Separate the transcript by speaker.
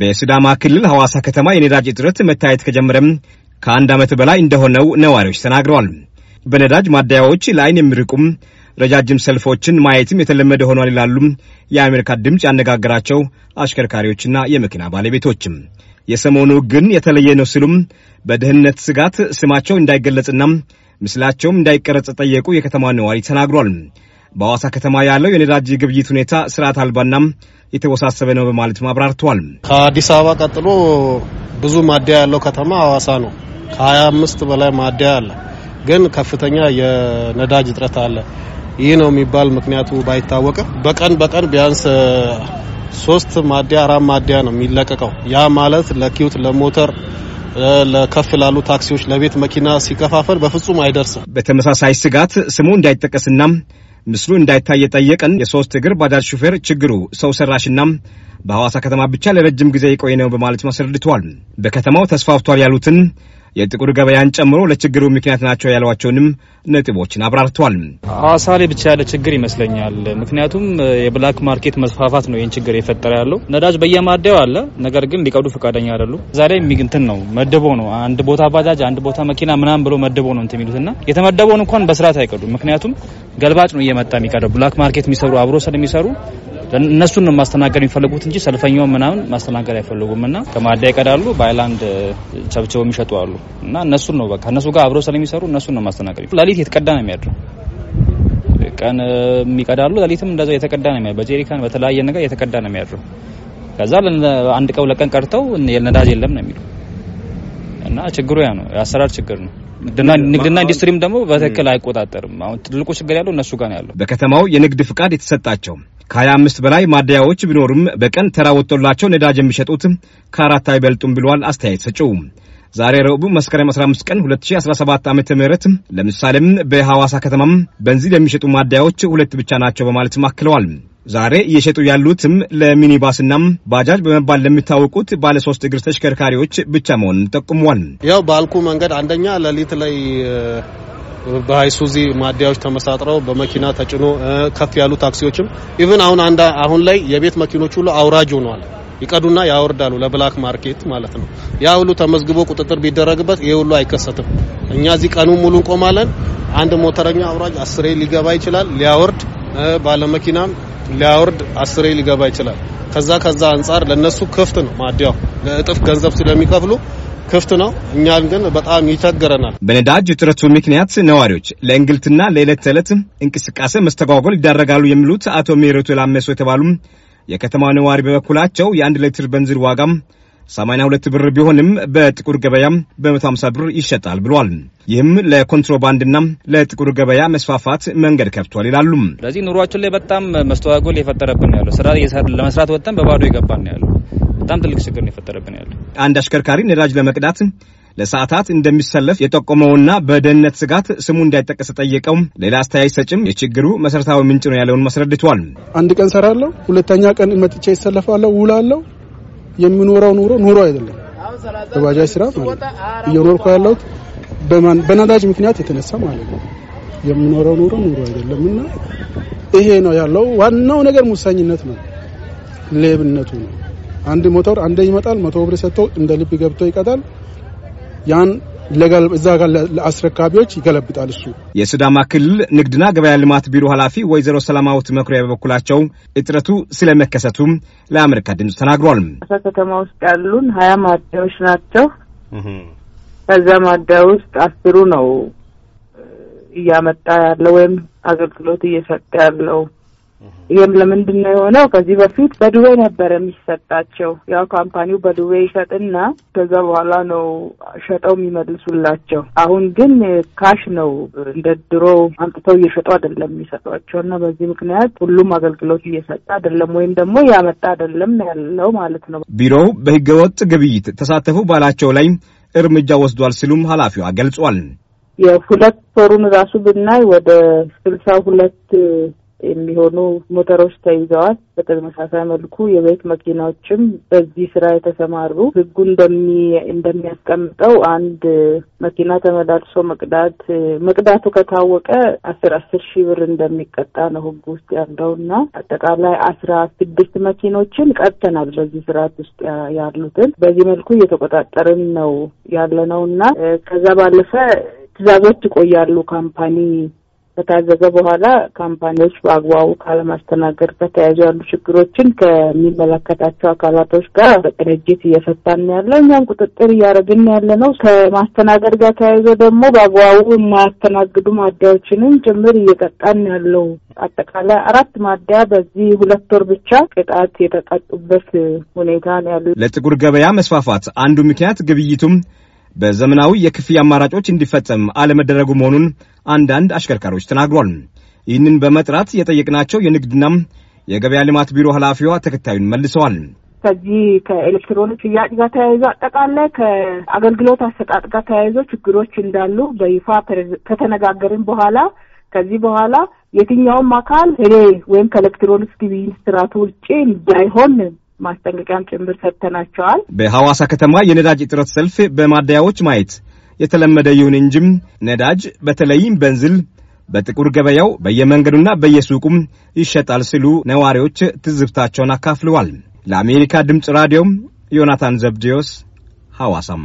Speaker 1: በሲዳማ ክልል ሐዋሳ ከተማ የነዳጅ እጥረት መታየት ከጀመረም ከአንድ ዓመት በላይ እንደሆነው ነዋሪዎች ተናግረዋል። በነዳጅ ማደያዎች ለአይን የሚርቁም ረጃጅም ሰልፎችን ማየትም የተለመደ ሆኗል ይላሉ የአሜሪካ ድምፅ ያነጋገራቸው አሽከርካሪዎችና የመኪና ባለቤቶችም። የሰሞኑ ግን የተለየ ነው ሲሉም በደህንነት ስጋት ስማቸው እንዳይገለጽና ምስላቸውም እንዳይቀረጽ ጠየቁ የከተማ ነዋሪ ተናግሯል። በሐዋሳ ከተማ ያለው የነዳጅ ግብይት ሁኔታ ስርዓት አልባና የተወሳሰበ ነው በማለት አብራርተዋል። ከአዲስ አበባ ቀጥሎ ብዙ ማደያ ያለው ከተማ ሐዋሳ ነው። ከ25 በላይ
Speaker 2: ማደያ አለ። ግን ከፍተኛ የነዳጅ እጥረት አለ። ይህ ነው የሚባል ምክንያቱ ባይታወቅም በቀን በቀን ቢያንስ ሶስት ማደያ አራት ማደያ ነው የሚለቀቀው። ያ ማለት ለኪዩት ለሞተር ለከፍ ላሉ ታክሲዎች ለቤት መኪና
Speaker 1: ሲከፋፈል በፍጹም አይደርስም። በተመሳሳይ ስጋት ስሙ እንዳይጠቀስና ምስሉ እንዳይታይ የጠየቀን የሶስት እግር ባጃጅ ሹፌር ችግሩ ሰው ሰራሽና በሐዋሳ ከተማ ብቻ ለረጅም ጊዜ የቆየ ነው በማለት ማስረድተዋል። በከተማው ተስፋፍቷል ያሉትን የጥቁር ገበያን ጨምሮ ለችግሩ ምክንያት ናቸው ያሏቸውንም ነጥቦችን አብራርተዋል። ሐዋሳ ላይ ብቻ ያለ ችግር
Speaker 3: ይመስለኛል። ምክንያቱም የብላክ ማርኬት መስፋፋት ነው ይህን ችግር የፈጠረ ያለው። ነዳጅ በየማደያው አለ፣ ነገር ግን ሊቀዱ ፈቃደኛ አይደሉም። ዛሬ እንትን ነው መድቦ ነው አንድ ቦታ ባጃጅ፣ አንድ ቦታ መኪና ምናምን ብሎ መድቦ ነው እንትን የሚሉትና የተመደበውን እንኳን በስርዓት አይቀዱ። ምክንያቱም ገልባጭ ነው እየመጣ የሚቀደው ብላክ ማርኬት የሚሰሩ አብሮ ስለሚሰሩ እነሱን ነው ማስተናገድ የሚፈልጉት እንጂ ሰልፈኛውን ምናምን ማስተናገድ አይፈልጉም። እና ከማዳ ይቀዳሉ፣ በአይላንድ ቸብቸው የሚሸጡ አሉ። እና እነሱን ነው በቃ ጋር አብረው ስለሚሰሩ እነሱን ነው ማስተናገድ። ለሊት የተቀዳ ነው የሚያድረው ቀን የሚቀዳሉ ለሊትም እንደዛ የተቀዳ ነው የሚያድረው። በጄሪካን በተለያየ ነገር የተቀዳ ነው የሚያድረው። ከዛ አንድ ቀው ለቀን ቀርተው ነዳጅ የለም ነው የሚሉ እና ችግሩ ያ ነው፣ የአሰራር ችግር ነው። ንግድና ኢንዱስትሪም ደግሞ በትክክል አይቆጣጠርም። አሁን ትልቁ ችግር ያለው እነሱ ጋር ነው ያለው። በከተማው የንግድ
Speaker 1: ፍቃድ የተሰጣቸው ከ አምስት በላይ ማደያዎች ቢኖሩም በቀን ተራ ወጥቶላቸው ነዳጅ የሚሸጡት ከአራት አይበልጡም ብሏል አስተያየት ሰጪው። ዛሬ ረቡዕ መስከረም 15 ቀን 2017 ዓ ም ለምሳሌም በሐዋሳ ከተማም በንዚል የሚሸጡ ማደያዎች ሁለት ብቻ ናቸው በማለት አክለዋል። ዛሬ እየሸጡ ያሉትም ለሚኒባስና ባጃጅ በመባል ለሚታወቁት ባለ ሶስት እግር ተሽከርካሪዎች ብቻ መሆኑን ጠቁመዋል።
Speaker 2: ያው ባልኩ መንገድ አንደኛ ሌሊት ላይ በሀይሱዚ ማደያዎች ተመሳጥረው በመኪና ተጭኖ ከፍ ያሉ ታክሲዎችም ኢቭን አሁን አንድ አሁን ላይ የቤት መኪኖች ሁሉ አውራጅ ሆነዋል። ይቀዱና ያወርዳሉ ለብላክ ማርኬት ማለት ነው። ያ ሁሉ ተመዝግቦ ቁጥጥር ቢደረግበት ይሄ ሁሉ አይከሰትም። እኛ እዚህ ቀኑ ሙሉ እንቆማለን። አንድ ሞተረኛ አውራጅ አስሬ ሊገባ ይችላል፣ ሊያወርድ ባለመኪናም ሊያወርድ አስሬ ሊገባ ይችላል። ከዛ ከዛ አንጻር ለነሱ ክፍት ነው ማደያው ለእጥፍ ገንዘብ ስለሚከፍሉ ክፍት ነው። እኛን ግን በጣም ይቸግረናል።
Speaker 1: በነዳጅ እጥረቱ ምክንያት ነዋሪዎች ለእንግልትና ለዕለት ተዕለት እንቅስቃሴ መስተጓጎል ይዳረጋሉ የሚሉት አቶ ሜሮቱ ላመሶ የተባሉ የከተማ ነዋሪ በበኩላቸው የአንድ ሌትር በንዚን ዋጋም 82 ብር ቢሆንም በጥቁር ገበያ በ150 ብር ይሸጣል ብሏል። ይህም ለኮንትሮባንድና ለጥቁር ገበያ መስፋፋት መንገድ ከፍቷል ይላሉ። ስለዚህ
Speaker 3: ኑሯችን ላይ በጣም መስተዋጎል የፈጠረብን ያለው ስራ ለመስራት ወጥተን በባዶ የገባን ያለው በጣም
Speaker 1: ትልቅ ችግር ነው የፈጠረብን ያለ አንድ አሽከርካሪ ነዳጅ ለመቅዳት ለሰዓታት እንደሚሰለፍ የጠቆመውና በደህንነት ስጋት ስሙ እንዳይጠቀስ ጠየቀው ሌላ አስተያየት ሰጭም የችግሩ መሰረታዊ ምንጭ ነው ያለውን አስረድቷል።
Speaker 2: አንድ ቀን ሰራለሁ፣ ሁለተኛ ቀን መጥቼ ይሰለፋለሁ፣ ውላለሁ። የሚኖረው ኑሮ ኑሮ አይደለም። በባጃጅ ስራ ማለት እየኖርኩ ያለሁት በነዳጅ ምክንያት የተነሳ ማለት ነው። የሚኖረው ኑሮ ኑሮ አይደለም እና ይሄ ነው ያለው ዋናው ነገር ሙሰኝነት ነው፣ ሌብነቱ ነው። አንድ ሞተር አንደ ይመጣል መቶ ብር ሰጥቶ እንደ ልብ ገብቶ ይቀጣል። ያን ለጋል እዛ ጋር ለአስረካቢዎች ይገለብጣል። እሱ
Speaker 1: የሲዳማ ክልል ንግድና ገበያ ልማት ቢሮ ኃላፊ ወይዘሮ ሰላማዊት መኩሪያ በበኩላቸው እጥረቱ ስለመከሰቱም ለአሜሪካ ድምፅ ተናግሯል።
Speaker 4: ከተማ ውስጥ ያሉን ሀያ ማደያዎች ናቸው። ከዛ ማደያ ውስጥ አስሩ ነው እያመጣ ያለው ወይም አገልግሎት እየሰጠ ያለው ይህም ለምንድን ነው የሆነው? ከዚህ በፊት በዱቤ ነበር የሚሰጣቸው። ያው ካምፓኒው በዱቤ ይሰጥና ከዛ በኋላ ነው ሸጠው የሚመልሱላቸው። አሁን ግን ካሽ ነው፣ እንደ ድሮ አምጥተው እየሸጡ አይደለም የሚሰጧቸው እና በዚህ ምክንያት ሁሉም አገልግሎት እየሰጠ አይደለም፣ ወይም ደግሞ እያመጣ አይደለም ያለው ማለት ነው።
Speaker 1: ቢሮው በህገወጥ ግብይት ተሳተፉ ባላቸው ላይ እርምጃ ወስዷል ሲሉም ኃላፊዋ ገልጿል።
Speaker 4: የሁለት ወሩን ራሱ ብናይ ወደ ስልሳ ሁለት የሚሆኑ ሞተሮች ተይዘዋል። በተመሳሳይ መልኩ የቤት መኪናዎችም በዚህ ስራ የተሰማሩ ህጉ እንደሚያስቀምጠው አንድ መኪና ተመላልሶ መቅዳት መቅዳቱ ከታወቀ አስር አስር ሺህ ብር እንደሚቀጣ ነው ህጉ ውስጥ ያለው እና አጠቃላይ አስራ ስድስት መኪኖችን ቀጥተናል። በዚህ ስርዓት ውስጥ ያሉትን በዚህ መልኩ እየተቆጣጠርን ነው ያለ ነው እና ከዛ ባለፈ ትዕዛዞች ይቆያሉ ካምፓኒ ከታዘዘ በኋላ ካምፓኒዎች በአግባቡ ካለማስተናገድ ጋር ተያይዞ ያሉ ችግሮችን ከሚመለከታቸው አካላቶች ጋር በቅንጅት እየፈታን ያለ እኛም ቁጥጥር እያደረግን ያለ ነው። ከማስተናገድ ጋር ተያይዞ ደግሞ በአግባቡ የማያስተናግዱ ማደያዎችንም ጭምር እየቀጣን ያለው አጠቃላይ አራት ማደያ በዚህ ሁለት ወር ብቻ ቅጣት የተቀጡበት ሁኔታ ነው ያሉ።
Speaker 1: ለጥቁር ገበያ መስፋፋት አንዱ ምክንያት ግብይቱም በዘመናዊ የክፍያ አማራጮች እንዲፈጸም አለመደረጉ መሆኑን አንዳንድ አሽከርካሪዎች ተናግሯል። ይህንን በመጥራት የጠየቅናቸው የንግድና የገበያ ልማት ቢሮ ኃላፊዋ ተከታዩን መልሰዋል።
Speaker 4: ከዚህ ከኤሌክትሮኒክ ሽያጭ ጋር ተያይዞ አጠቃላይ ከአገልግሎት አሰጣጥ ጋር ተያይዞ ችግሮች እንዳሉ በይፋ ከተነጋገርን በኋላ ከዚህ በኋላ የትኛውም አካል እኔ ወይም ከኤሌክትሮኒክስ ግብይት ስርዓቱ ውጭ እንዳይሆን ማስጠንቀቂያም ጭምር ሰጥተናቸዋል።
Speaker 1: በሐዋሳ ከተማ የነዳጅ እጥረት ሰልፍ በማደያዎች ማየት የተለመደ ይሁን እንጂም ነዳጅ በተለይም በንዝል በጥቁር ገበያው በየመንገዱና በየሱቁም ይሸጣል ሲሉ ነዋሪዎች ትዝብታቸውን አካፍለዋል። ለአሜሪካ ድምፅ ራዲዮም ዮናታን ዘብዴዎስ ሐዋሳም